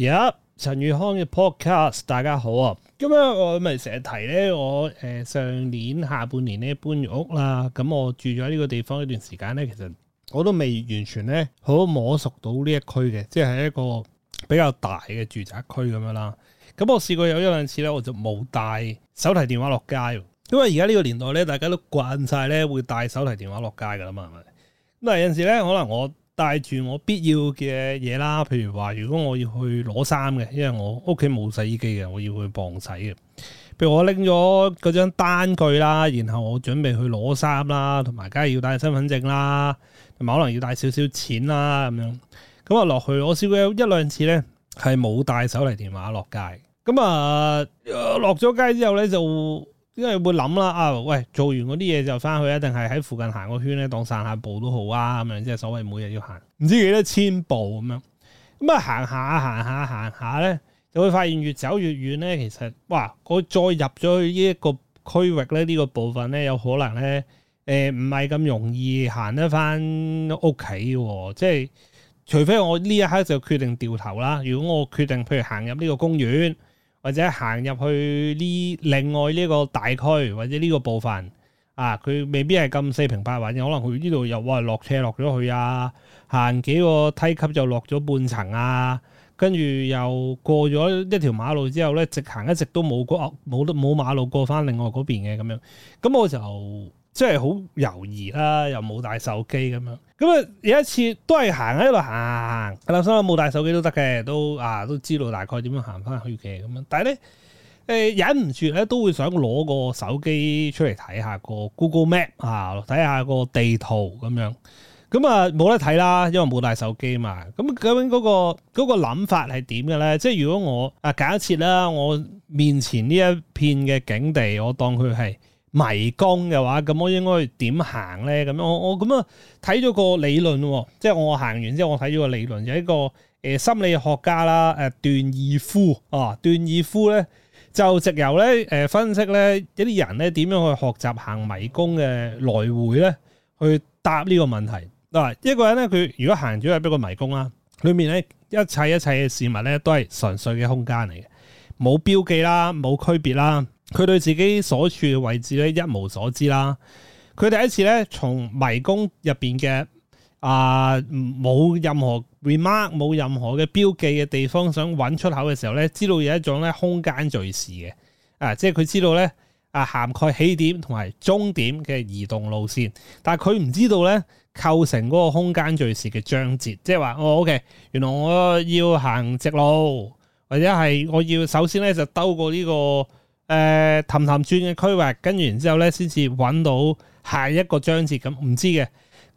而家、yeah, 陳宇康嘅 podcast，大家好啊！咁咧我咪成日提咧，我誒、呃、上年下半年咧搬入屋啦。咁、嗯、我住咗呢個地方一段時間咧，其實我都未完全咧好摸熟到呢一區嘅，即係一個比較大嘅住宅區咁樣啦。咁、嗯、我試過有一兩次咧，我就冇帶手提電話落街，因為而家呢個年代咧，大家都慣晒咧會帶手提電話落街噶啦嘛，係、嗯、咪？咁、嗯嗯嗯、但係有陣時咧，可能我。帶住我必要嘅嘢啦，譬如話，如果我要去攞衫嘅，因為我屋企冇洗衣機嘅，我要去磅洗嘅。譬如我拎咗嗰張單據啦，然後我準備去攞衫啦，同埋梗係要帶身份證啦，同埋可能要帶少少錢啦咁樣。咁啊落去，我試過一兩次咧，係冇帶手提電話落街。咁啊落咗街之後咧就。因為會諗啦，啊喂，做完嗰啲嘢就翻去一定係喺附近行個圈咧，當散下步都好啊，咁樣即係所謂每日要行唔知幾多千步咁樣，咁啊行下行下行下咧，就會發現越走越遠咧，其實哇，我再入咗去呢一個區域咧，呢個部分咧，有可能咧，誒唔係咁容易行得翻屋企喎，即係除非我呢一刻就決定掉頭啦，如果我決定譬如行入呢個公園。或者行入去呢另外呢個大區或者呢個部分啊，佢未必係咁四平八穩，可能佢呢度又哇落車落咗去啊，行幾個梯級就落咗半層啊，跟住又過咗一條馬路之後咧，直行一直都冇過冇冇馬路過翻另外嗰邊嘅咁樣，咁我就。即係好猶豫啦、啊，又冇帶手機咁樣，咁、嗯、啊有一次都係行喺度行行行，阿老生冇帶手機都得嘅，都啊都知道大概點樣行翻去嘅咁樣。但係咧誒忍唔住咧，都會想攞個手機出嚟睇下個 Google Map 啊，睇下個地圖咁樣。咁、嗯、啊冇得睇啦，因為冇帶手機嘛。咁、嗯、究竟嗰個嗰個諗法係點嘅咧？即係如果我啊假設啦，我面前呢一片嘅景地，我當佢係。迷宮嘅話，咁我應該點行咧？咁樣我我咁啊，睇咗個理論，即係我行完之後，我睇咗個理論，有一個誒、呃、心理學家啦，誒段義夫哦，段義夫咧、啊、就藉由咧誒、呃、分析咧一啲人咧點樣去學習行迷宮嘅來回咧，去答呢個問題。嗱、啊，一個人咧佢如果行咗入一個迷宮啦，裏面咧一切一切嘅事物咧都係純粹嘅空間嚟嘅，冇標記啦，冇區別啦。佢對自己所處嘅位置咧一無所知啦。佢第一次咧從迷宮入邊嘅啊冇任何 remark 冇任何嘅標記嘅地方想揾出口嘅時候咧，知道有一種咧空間敘事嘅啊，即係佢知道咧啊涵蓋起點同埋終點嘅移動路線，但係佢唔知道咧構成嗰個空間敘事嘅章節，即係話哦，OK，原來我要行直路，或者係我要首先咧就兜過呢個。誒，氹氹轉嘅區域，跟住之後咧，先至揾到下一個章節。咁唔知嘅，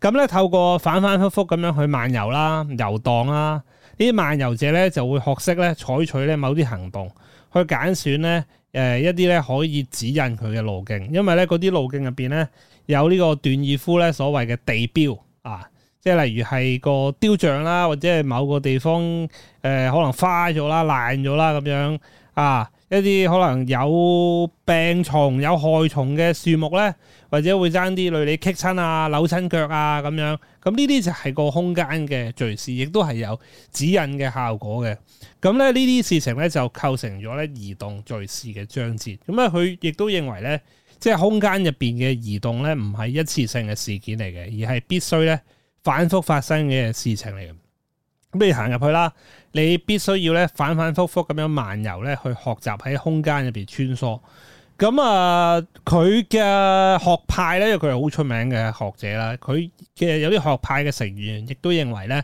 咁咧透過反反复复咁樣去漫遊啦、遊蕩啦，呢啲漫遊者咧就會學識咧採取咧某啲行動，去揀選咧誒一啲咧可以指引佢嘅路徑，因為咧嗰啲路徑入邊咧有呢個段義夫咧所謂嘅地標啊，即係例如係個雕像啦，或者係某個地方誒、呃、可能花咗啦、爛咗啦咁樣啊。一啲可能有病蟲、有害蟲嘅樹木咧，或者會爭啲累你棘親啊、扭親腳啊咁樣，咁呢啲就係個空間嘅敘事，亦都係有指引嘅效果嘅。咁咧呢啲事情咧就構成咗咧移動敘事嘅章節。咁、嗯、啊，佢亦都認為咧，即係空間入邊嘅移動咧，唔係一次性嘅事件嚟嘅，而係必須咧反覆發生嘅事情嚟嘅。咁你行入去啦，你必須要咧反反覆覆咁樣漫遊咧，去學習喺空間入邊穿梭。咁啊，佢、呃、嘅學派咧，因為佢係好出名嘅學者啦，佢嘅有啲學派嘅成員亦都認為咧，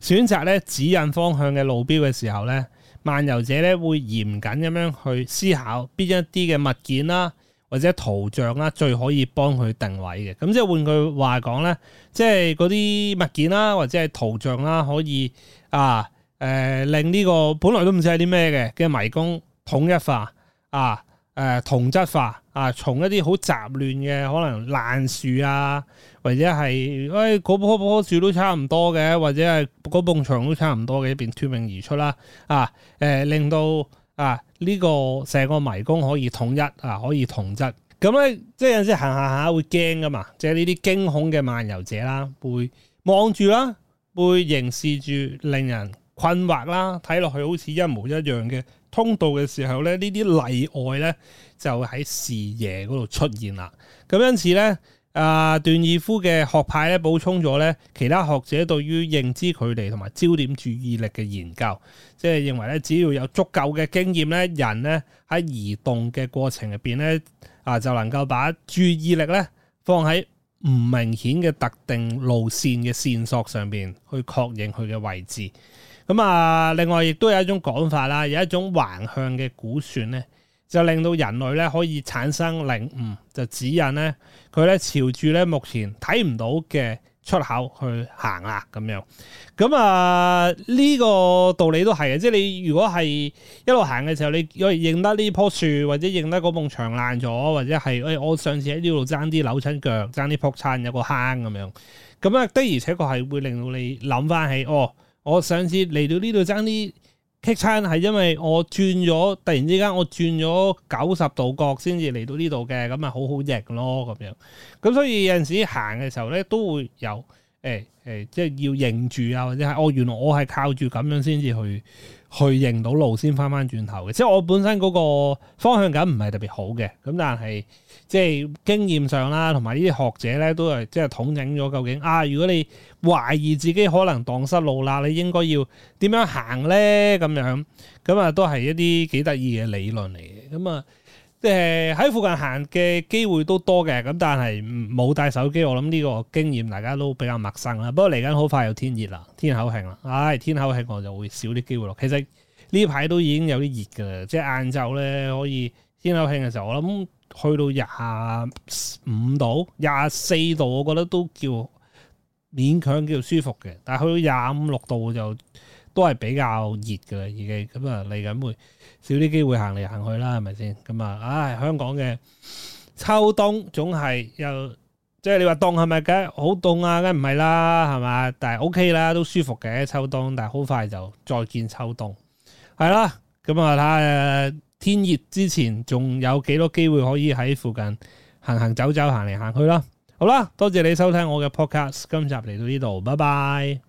選擇咧指引方向嘅路標嘅時候咧，漫遊者咧會嚴謹咁樣去思考邊一啲嘅物件啦。或者圖像啦，最可以幫佢定位嘅。咁即係換句話講咧，即係嗰啲物件啦，或者係圖像啦，可以啊誒、呃、令呢、呢個本來都唔知係啲咩嘅嘅迷宮統一化啊誒、呃、同質化啊，從一啲好雜亂嘅可能爛樹啊，或者係誒嗰棵棵樹都差唔多嘅，或者係嗰埲牆都差唔多嘅，一邊脫穎而出啦啊誒、呃、令到。啊！呢、這個成個迷宮可以統一啊，可以同質。咁咧，即係有陣時行下下會驚㗎嘛，即係呢啲驚恐嘅漫遊者啦，會望住啦，會凝視住令人困惑啦，睇落去好似一模一樣嘅通道嘅時候咧，呢啲例外咧就喺視野嗰度出現啦。咁因此咧。啊，段義夫嘅學派咧補充咗咧，其他學者對於認知距離同埋焦點注意力嘅研究，即係認為咧，只要有足夠嘅經驗咧，人咧喺移動嘅過程入邊咧，啊，就能夠把注意力咧放喺唔明顯嘅特定路線嘅線索上邊去確認佢嘅位置。咁啊，另外亦都有一種講法啦，有一種橫向嘅估算咧。就令到人類咧可以產生領悟，就指引咧佢咧朝住咧目前睇唔到嘅出口去行啦咁樣。咁啊呢個道理都係嘅，即係你如果係一路行嘅時候，你可以認得呢棵樹，或者認得嗰埲牆爛咗，或者係誒，我上次喺呢度爭啲扭親腳，爭啲撲親有個坑咁樣。咁啊的而且確係會令到你諗翻起，哦，我上次嚟到呢度爭啲。劈餐係因為我轉咗，突然之間我轉咗九十度角先至嚟到呢度嘅，咁啊好好型咯咁樣。咁所以有陣時行嘅時候咧，都會有誒誒、欸欸，即係要認住啊，或者係哦，原來我係靠住咁樣先至去。去認到路先翻翻轉頭嘅，即係我本身嗰個方向感唔係特別好嘅，咁但係即係經驗上啦，同埋呢啲學者咧都係即係統整咗究竟啊，如果你懷疑自己可能蕩失路啦，你應該要點樣行呢？咁樣咁啊，都係一啲幾得意嘅理論嚟嘅，咁啊。即係喺附近行嘅機會都多嘅，咁但係冇帶手機，我諗呢個經驗大家都比較陌生啦。不過嚟緊好快又天熱啦，天口慶啦，唉、哎，天口慶我就會少啲機會咯。其實呢排都已經有啲熱㗎啦，即係晏晝咧可以天口慶嘅時候，我諗去到廿五度、廿四度，我覺得都叫勉強叫舒服嘅，但係去到廿五六度就～都係比較熱嘅啦，已經咁啊，嚟緊會少啲機會行嚟行去啦，係咪先？咁啊，唉，香港嘅秋冬總係又即係你話凍係咪？梗係好凍啊，梗係唔係啦，係嘛？但係 OK 啦，都舒服嘅秋冬，但係好快就再見秋冬，係啦。咁啊，睇下天熱之前仲有幾多機會可以喺附近行行走走，行嚟行去啦。好啦，多謝你收聽我嘅 podcast，今集嚟到呢度，拜拜。